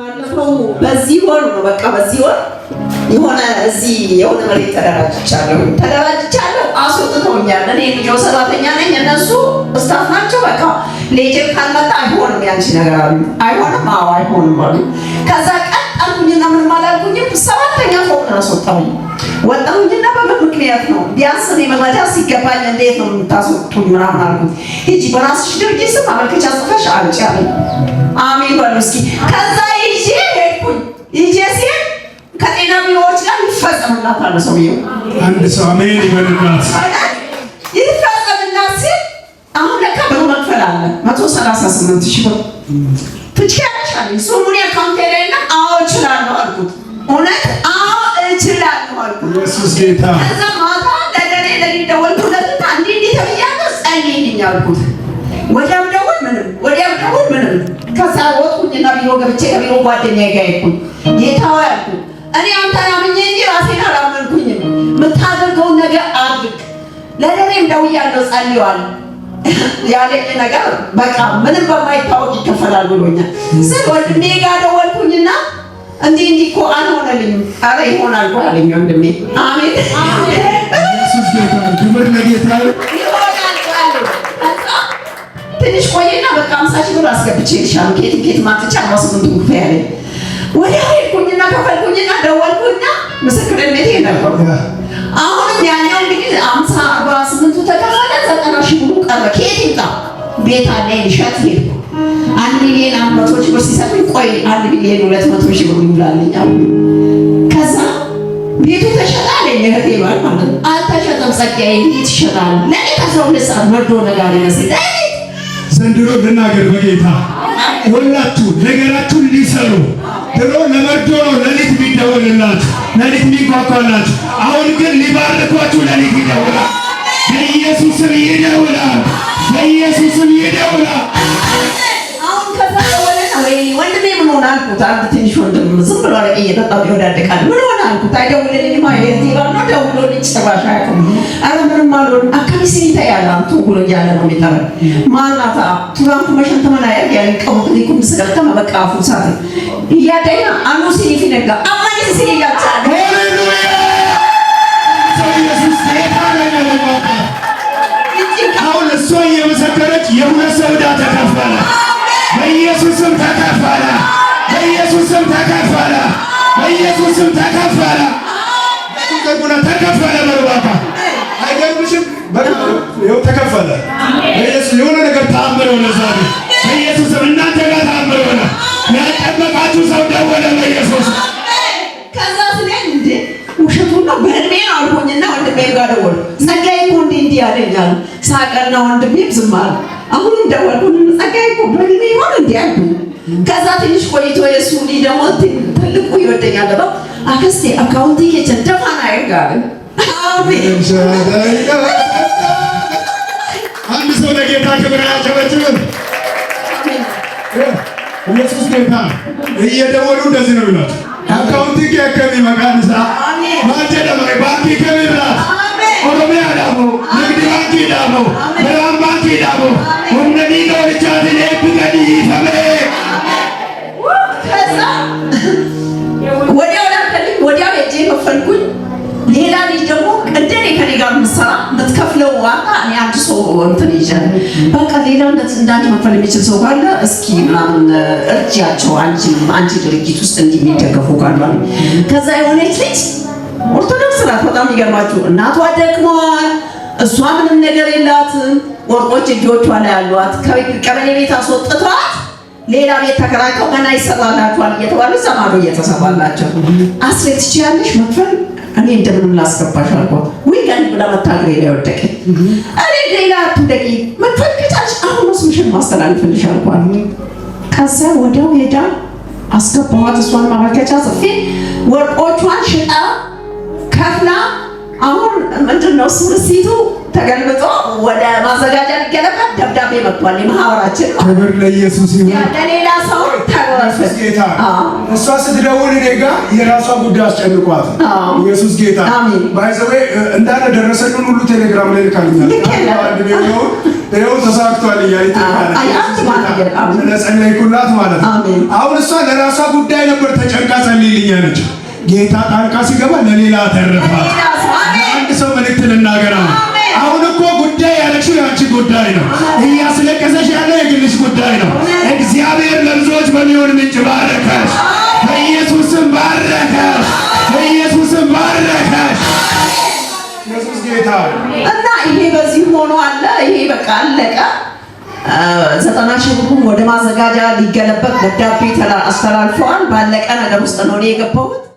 ባለፈው በዚህ ወር ነው በቃ በዚህ ወር የሆነ እዚህ የሆነ መሬት ተደራጅቻለሁ ተደራጅቻለሁ። አስወጥቶኛል። እኔ ልጆ ሰራተኛ ነኝ፣ እነሱ ስታፍ ናቸው። በቃ ሌጀር ካልመጣ አይሆንም ያንቺ ነገር አሉ። አይሆንም፣ አዎ አይሆንም አሉ። ከዛ ቀን ምንም አላልኩኝም። ሰባተኛ ፎቅ ነው አስወጣሁኝ። ወጣሁኝና በምን ምክንያት ነው ቢያንስ እኔ መግባጃ ሲገባኝ እንዴት ነው የምታስወጡኝ? ምናምን አልኩኝ። ሂጂ በራስሽ ድርጅት ስም አመልከቻ ጽፈሽ አምጪ አለኝ። አሜን በሉ እስኪ ከዛ ይሳካላት አለ ሰውዬው። አንድ ሰው አሜን ይበልላት። ይፈጸምና ሲል አሁን ለካ መክፈል አለ መቶ ሰላሳ ስምንት ሺህ ብር ትችያለሽ አካውንቴ ላይ አዎ እችላለሁ አልኩት። እውነት አዎ እችላለሁ አልኩት። ኢየሱስ ጌታ። ከዛ ማታ እንዲህ እንዲህ ተብያለሁ ጸልይልኝ አልኩት። ወዲያም ደውል ምንም፣ ወዲያም ደውል ምንም። ከዛ ወጥኩኝና ቢሮ ገብቼ ከቢሮ ጌታ ያልኩት እኔ አንተን አምኜ እንጂ ራሴን አላመንኩኝም። የምታደርገውን ነገር አድርግ። ለእኔም ደውያለሁ፣ ጸልየዋለሁ። ያለኝ ነገር በቃ ምንም በማይታወቅ ይከፈላል ብሎኛል። ስል ወንድሜ ጋር ደወልኩኝና እንዲህ እንዲህ እኮ አልሆነልኝም። ኧረ ይሆናል እኮ አለኝ ወንድሜ። አሜን ትንሽ ቆይና በቃ አምሳ ሺህ ብር አስገብቼልሻለሁ ኬት ኬት ማጥጫ ነው ስምንቱ ያለኝ ወደ ሄድኩኝና ከፈልኩኝና ደወልኩኝና ምስክርነቴ ነበርኩ። አሁንም ያኛው እንግዲህ አምሳ አርባ ስምንቱ ተከፈለ ዘጠና ሺህ ብሩ ቀረ። ከየት ይምጣ? ቤት አለ ልሸጥ ሄድኩ። አንድ ሚሊዮን አንድ መቶ ሺህ ብር ሲሰጡኝ ቆይ አንድ ሚሊዮን ሁለት መቶ ሺህ ብር ይውላልኝ አሉ። ከዛ ቤቱ ተሸጠ አለኝ እህቴ ባል ማለት ነው። አልተሸጠም ጸጋዬ፣ እንዴት ይሸጣል? ለሌት አስራ ሁለት ሰዓት መርዶ ነጋሪ መስል ዘንድሮ ልናገር በጌታ ወላችሁ ነገራችሁን ሊሰሩ ድሮ ለመርዶ ነው ለሊት የሚደወልላት ለሊት የሚጓጓላት። አሁን ግን ሊባርኳችሁ ለሊት ይደውላል። በኢየሱስም ይደውላል። በኢየሱስም ይደውላል። ወይ ወንድሜ ምን ሆነ አልኩት። አንድ ትንሽ ወንድም ዝም ብሎ አረቄ እየጠጣ ይወዳደቃል። ምን ሆነ አልኩት። አይደውልልኝም ነው ደውሎልኝ ጭራሽ አያውቅም። ኧረ ምንም አልሆንም አካባቢ ሲኒታ ያለ አንቱ ብሎ እያለ ነው የሚጠራኝ። ማናታ ቱራንኩ መሸንተመና ያ ያለ ቀውት ሊኩም ስቀልተ መበቃፉ ሳት እያደኛ አኑ ሲኒፊ ነጋ አማኒ ሲኒ ጋቻ እያለ ይላሉ። ሳቀና ወንድሜ ዝም አለ። አሁን እንደወልኩ ጸጋዬ እኮ በእድሜ ይሆን እንዲ ያሉ። ከዛ ትንሽ ቆይቶ የእሱ ሊ ደግሞ ትልቁ ይወደኛል ብለው አክስቴ አካውንት ደፋና ይጋል አንድ ሰው ለጌታ ክብር ያጨበጭብም። ኢየሱስ ጌታ እየደወሉ እንደዚህ ነው ይሏል። አካውንቲ ከሚመቃንሳ ማጀደማ ባንኪ ከሚብላት ኦሮሚያ ዳቦ ንግድ ባንክ ዳቦ ብርሃን ባንክ ዳቦ ሁነኒ ዶርቻትን ብቀድ ይሰበ ከዛ ወዲያው ላከልኝ። ወዲያው ሄጄ ከፈልኩኝ። ሌላ ልጅ ደግሞ እንደኔ ከኔ ጋር የምትሰራ የምትከፍለው ዋጋ እኔ አንድ ሰው እንትን ይዣለሁ። በቃ ሌላ እንዳንቺ መክፈል የሚችል ሰው ካለ እስኪ ምናምን እርጃቸው አንቺ ድርጊት ውስጥ እንዲህ የሚደገፉ ካሉ ከዛ የሆነች ልጅ ኦርቶዶክስ ናት። በጣም ይገርማችሁ። እናቷ ደክመዋል። እሷ ምንም ነገር የላትም። ወርቆች እጆቿ ላይ ያሏት ቀበሌ ቤት አስወጥቷት ሌላ ቤት ተከራይተው ገና ይሰራላችኋል እየተባለ ዘማዶ እየተሰራላቸው አስሬ ትችያለሽ መክፈል እኔ እንደምንም ላስገባሽ አልኳት። ወይ ጋን ብላ መታገሬ ላይ ወደቀ። እኔ ሌላ አትደቂ መክፈል ከቻልሽ አሁን ስምሽን ማስተላልፍልሽ አልኳት። ከዛ ወደው ሄዳ አስገባኋት። እሷን ማመልከቻ ጽፌ ወርቆቿን ሽጣ ከፍላ አሁን ምንድን ነው እሱ ርሲቱ ተገልብጦ ወደ ማዘጋጃ ሊገለባ ደብዳቤ መጥቷል። የማህበራችን ክብር ለኢየሱስ ይሁን። ለሌላ ሰው ኢየሱስ ጌታ። እሷ ስትደውል እኔ ጋር የራሷ ጉዳይ አስጨንቋት ኢየሱስ ጌታ ባይዘዌ እንዳለ ደረሰልን ሁሉ ቴሌግራም ላይ ልካልኛል። ይኸው ተሳክቷል እያለች ስለጸለይኩላት ማለት ነው። አሁን እሷ ለራሷ ጉዳይ ነበር ተጨንቃ ጸልይልኛለች ጌታ ጣልቃ ሲገባ ለሌላ ተረፋት። አንድ ሰው መልእክት ልናገር፣ አሁን እኮ ጉዳይ ያለችው የአንቺ ጉዳይ ነው። እያስለቀሰሽ ያለው የግልሽ ጉዳይ ነው። እግዚአብሔር ለብዙዎች በሚሆን ምንጭ ባረከሽ፣ በኢየሱስም ባረከሽ፣ በኢየሱስም ባረከሽ። ኢየሱስ ጌታ እና ይሄ በዚህ ሆኖ አለ። ይሄ በቃ አለቀ። ዘጠና ሺህ ብሩን ወደ ማዘጋጃ ሊገለበጥ ደብዳቤ አስተላልፈዋል። ባለቀ ነገር ውስጥ ነው እኔ የገባሁት።